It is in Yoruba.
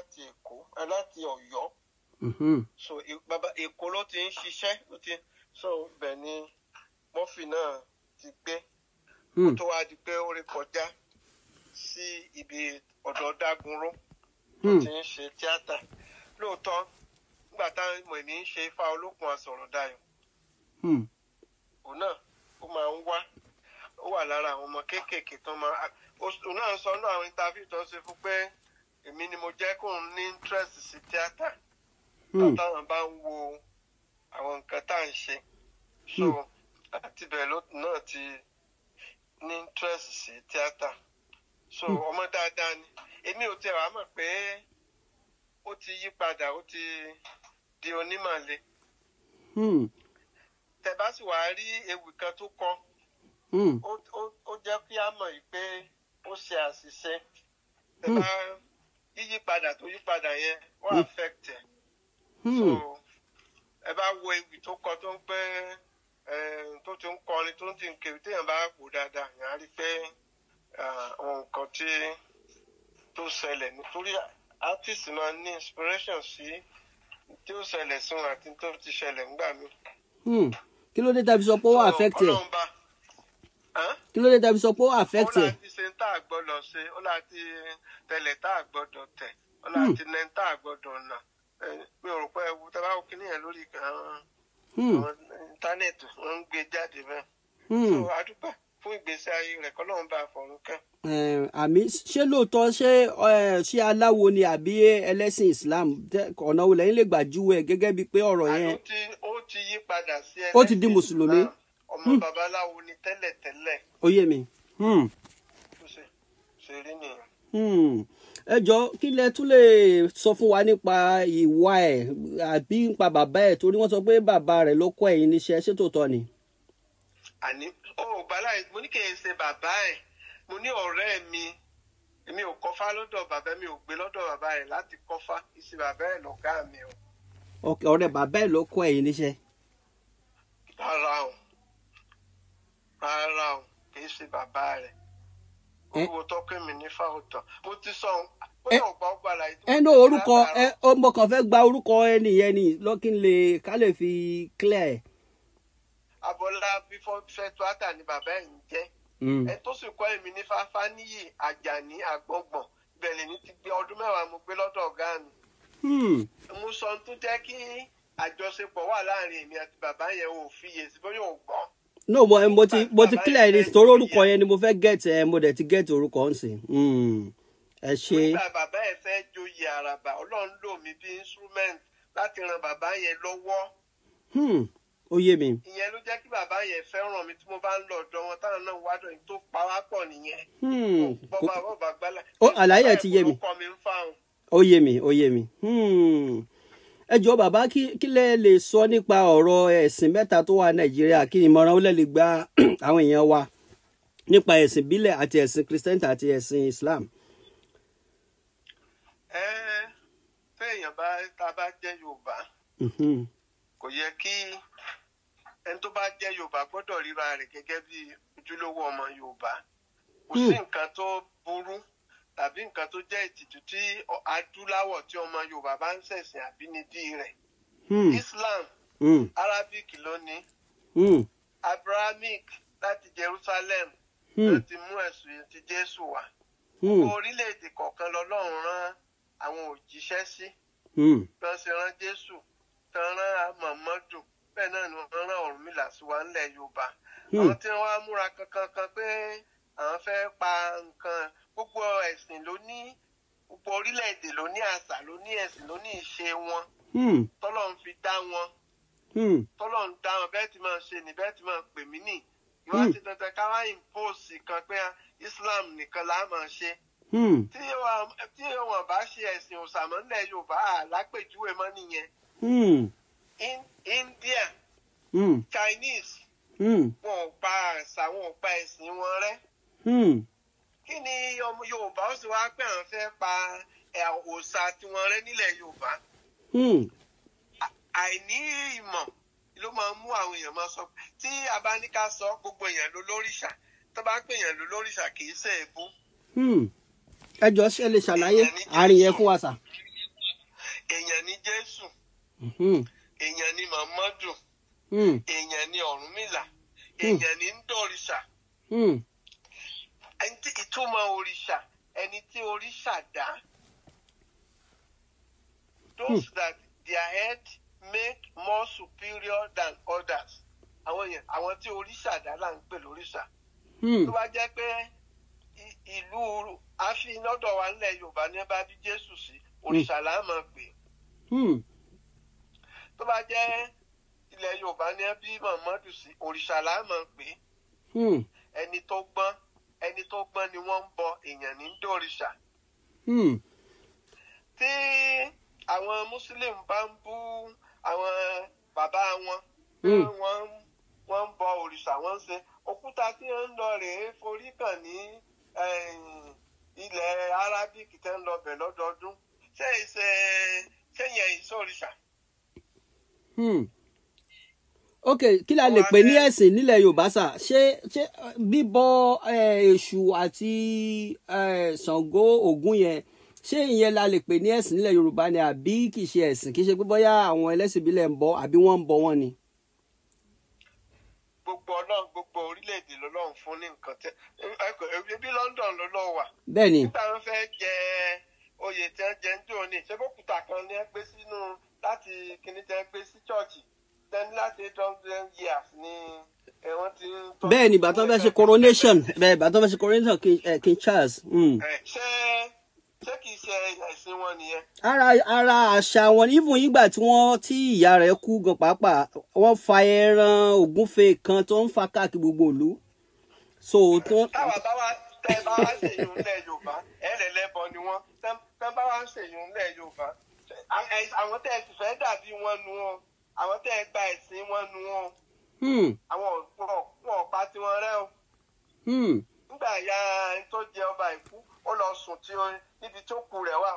láti èkó eh, láti ọ̀yọ́ mm-hmm. so e, bàbá èkó ló ti ń ṣiṣẹ́ ló ti so bẹ́ẹ̀ ni murphy náà ti gbé hmm. tó wá di pé ó rí kọjá sí ibi ọ̀dọ̀ dágunró tó hmm. ti ń ṣe tíátà lóòótọ́ nígbà táwọn ọmọ mi ń ṣe ifá olókun àsọ̀rọ̀ dayọ̀ hmm. òun náà ó máa ń wá ó wà lára àwọn ọmọ kéékèèké tó máa òun náà sọ ní àwọn ìtàfíì ṣe fún pé èmi ni mo jẹ́ kó n ní interest sí tíátà hmm. táwọn bá ń wo àwọn nǹkan tá à ń ṣe so hmm. àti bẹ́ẹ̀ ló náà ti ní interest sí tíátà so hmm. ọmọ dáadáa ni èmi ò tiẹ̀ wá mọ̀ pé ó ti yí padà ó ti di onímọ̀le tẹ́ bá sì wá rí ewì kan tó kọ ó jẹ́ kí a mọ̀ pé ó ṣe àṣìṣe tẹ́ bá yíyípadà tó yípadà yẹn wọ́n hmm. affect ẹ̀. Hmm. so ẹ bá wo ewì tó kọ tó ń pẹ́ tó ti ń kọrin tó ń ti ń kiri téèyàn bá wò dáadáa yàrá rí pé nǹkan tí tó ṣẹlẹ̀ nítorí artist máa ní inspiration sí tí ó ṣẹlẹ̀ sí wọn àti tó ti ṣẹlẹ̀ ńgbà mi. Hmm. kí ló dé tàbí sọ pé ó wà affect ẹ kí ló dé tàbí sọ pé ó wà affect ẹ àgbọ́dọ̀ ṣe ó láti tẹ̀lẹ̀ tá àgbọ́dọ̀ tẹ̀ ó hmm. láti nẹ́ tá àgbọ́dọ̀ nà mi ò rò pé ewu tá a bá wò kíní yẹn lórí hmm. àwọn íńtánẹ́ẹ̀tì wọ́n ń gbé jáde bẹ́ẹ̀ hmm. so àdúgbò fún ìgbésí ayé rẹ̀ kọ́ lóun bá a fọ̀rùn kán. àmì ṣé lóòótọ́ ṣé ṣé aláwo ni àbí ẹlẹ́sìn Islam ọ̀nà wo lẹ́yìn lè gbà júwe gẹ́gẹ́ bíi pé ọ̀rọ̀ yẹn. ó ti yí padà sí ẹlẹ́sìn Islam ọmọ babaláwo ni tẹ́lẹ̀tẹ́lẹ̀. ó yé mi ṣe rí nìyẹn. Hmm. ẹ jọ kí lẹ tún lè sọ fún wa nípa ìwà ẹ àbí nípa bàbá ẹ torí wọ́n sọ pé bàbá rẹ̀ ló kọ́ ẹ̀yin níṣẹ́ ṣé tòótọ́ ni. àní ó bàlá mo ní kí n ṣe bàbá ẹ mo ní ọ̀rẹ́ mi èmi ò kọ́fá lọ́dọ̀ bàbá mi ò gbé lọ́dọ̀ bàbá ẹ láti kọ́fá ìsìn bàbá ẹ lọ̀gá mi o. ọ̀rẹ́ bàbá ẹ ló kọ́ ẹ̀yin níṣẹ́. rárá o rárá o kì í ṣe bàbá rẹ̀ olùwò eh? tọpẹ́ mi ní fáwọtàn mo ti ẹnu eh? eh, orúkọ ẹ ọmọ kan fẹ́ gba orúkọ ẹni yẹn ni lọ́kìn lè ká lè fi clear. abọ́lá bífọ́ fẹ́ tó àtà ni bàbá ẹ̀ ń jẹ́ mm. ẹ tó sì kọ́ èmi ní fáfá níyì àjàní àgbọ̀ngbọ̀n bẹ̀rẹ̀ ní ti gbé ọdún mẹ́wàá mo gbé lọ́dọ̀ ọ̀gá mi. Hmm. mo sọ tó jẹ́ kí àjọṣepọ̀ wà láàrin èmi àti bàbá yẹn ò fiyèsí bóyá ò gbọ́n no mo um, mo ti mo ti clear this torí orúkọ yẹn ni mo fẹ́ get ẹ eh, mo dẹ̀ ti get orúkọ ń sìn hmm. ẹ ṣe. nígbà bàbá ẹ fẹ́ joyè àràbà ọlọ́run lò mí bí instrument láti ran bàbá yẹn lọ́wọ́. Hmm. ó yé mi. ìyẹn ló jẹ́ kí bàbá yẹn fẹ́ràn mi tí mo bá ń lọ ọ̀dọ̀ wọn táwọn náà wá dọ̀yìn tó pa pọ̀ nìyẹn. bọ́ba hmm. bọ́ba gbálà. ó àlàyé ẹ ti yé mi. ó yé mi ó yé mi ẹ jọ bàbá kí lẹ lè sọ nípa ọ̀rọ̀ ẹ̀sìn mẹ́ta tó wà nàìjíríà kí ìmọ̀ràn ó lè lè gba àwọn èèyàn wa nípa ẹ̀sìn bílẹ̀ àti ẹ̀sìn kristẹni àti ẹ̀sìn islam. ẹ fẹ́ẹ̀yàn bá tá a bá jẹ́ yorùbá mm-hmm. kò yẹ kí ẹni tó bá jẹ́ yorùbá gbọ́dọ̀ ríra rẹ̀ gẹ́gẹ́ bí ojúlówó ọmọ yorùbá kò sí hmm. nǹkan tó burú tàbí nǹkan tó jẹ́ ìtìjú tí adúláwọ̀ tí ọmọ Yorùbá bá ń ṣẹ̀sìn àbínibí rẹ̀ hmm. Islam mm. Arabic ló ní mm. Abrahamic láti Jerusalem hmm. ló ti mú ẹ̀sùn ti Jésù wá hmm. gbogbo orílẹ̀-èdè kọ̀ọ̀kan lọ́lọ́run rán àwọn òjíṣẹ́ sí tán ṣe rán Jésù tán rán Muhammadu bẹ́ẹ̀ náà ni wọ́n rán Ọ̀rúnmìlà sí wa ńlẹ̀ Yorùbá àwọn tí wọ́n á múra kankan kan pé àwọn fẹ́ pa nǹkan gbogbo ẹ̀sìn ló ní gbogbo orílẹ̀-èdè ló ní àṣà ló ní ẹ̀sìn ló ní ìṣe wọn hmm. tọ́lọ̀ ń fi dá wọn hmm. tọ́lọ̀ ń dá wọn bẹ́ẹ̀ ti máa ṣe ni bẹ́ẹ̀ ti máa pè mí nì ìwọ́n ti dandan ká wá impose kan pé Islam nìkan là á máa ṣe hmm. tí wọn bá ṣe ẹ̀sìn òṣàmọ́lẹ̀ Yorùbá àlápèjúwe mọ́ nìyẹn India Chinese wọn ò pa àṣà wọn ò pa ẹ̀sìn wọn rẹ́. Hmm. kí ni ọmọ yorùbá ó sì wá pé à ń fẹ́ pa òòṣà tiwọn rẹ́ nílẹ̀ yorùbá hmm. àìní ìmọ̀ ló máa ń mú àwọn èèyàn máa sọ tí a bá ní ká sọ gbogbo èèyàn ló lóríṣà tó bá pè èèyàn ló lóríṣà kì í ṣe èébú. Hmm. ẹ jọ ṣe lè ṣàlàyé àárín yẹn fún wa sà. èèyàn ni jésù èèyàn ni mọ̀mọ́dù èèyàn ni ọ̀rúnmìlà èèyàn ni ń ẹni tí ìtumọ̀ òrìṣà ẹni tí òrìṣà dá those hmm. that their head make more superior than others àwọn yẹn àwọn tí òrìṣà dá là ń pè lóríṣà hmm. tó bá jẹ́ pé ìlú àfihàn lọ́dọ̀ wa nílẹ̀ Yorùbá ní bá bí Jésù sí òrìṣà là á máa pè hmm. tó bá jẹ́ ilẹ̀ Yorùbá ní bí Muhammadu sí òrìṣà là á máa pè ẹni tó gbọ́n tó gbọ́n ni wọ́n ń bọ èèyàn ní dòrìṣà. Hmm. tí àwọn muslim bá ń bú àwọn bàbá wọn hmm. wọ́n ń bọ òrìṣà wọ́n ń ṣe òkúta tí wọ́n ń lọ rèé forí kàn ní ilẹ̀ arabic tẹ́ ń lọ lọ́dọọdún ṣé ìṣe ṣé ìṣòrìṣà. Hmm ok kí la lè pè ní ẹ̀sìn nílẹ̀ yorùbá sà ṣé ṣé bíbọ èṣù àti ṣàngó ògún yẹn ṣé ìyẹn la lè pè ní ẹ̀sìn nílẹ̀ yorùbá ni àbí kì í ṣe ẹ̀sìn kì í ṣe pé bóyá àwọn ẹlẹ́sìn ìbílẹ̀ ń bọ àbí wọ́n ń bọ wọ́n ni. gbogbo ọlọ́run gbogbo orílẹ̀-èdè lọ́lọ́run fún ní nǹkan tẹ́ ebi london lọ́lọ́ wà. bẹ́ẹ̀ni. nígbà wọn fẹ́ jẹ oyè tí jẹ ń jò ní ṣé tẹ́ni láti eight years ni eh, wọ́n ti ń ṣe coronation bẹ́ẹ̀ bàtọ́ fẹ́ ṣe coronation King eh, Charles. Hmm. Eh, ṣé ṣé kìí ṣe ẹ̀sìn wọn nìyẹn. ara ara àṣà wọn even ìgbà tí wọ́n tí ìyá rẹ̀ kú gan pàápàá wọ́n fa ẹran ògúnfe kan tó ń fa káàkiri gbogbo ìlú. so tí táwa bá wá tẹ bá wá ṣèyún lẹ Yorùbá ẹ ni wọn tẹ bá wá ṣèyún lẹ Yorùbá àwọn tẹ ẹ dàbí wọn nu wọn àwọn tẹ́ ẹ gba ẹ̀sìn wọn nu wọn hmm. àwọn ọ̀pọ̀ ọ̀pá tí wọ́n rẹ́ o hmm. nígbà ìyá tó jẹ ọba ìkú ó lọ sùn tí níbi tó kù rẹ̀ wà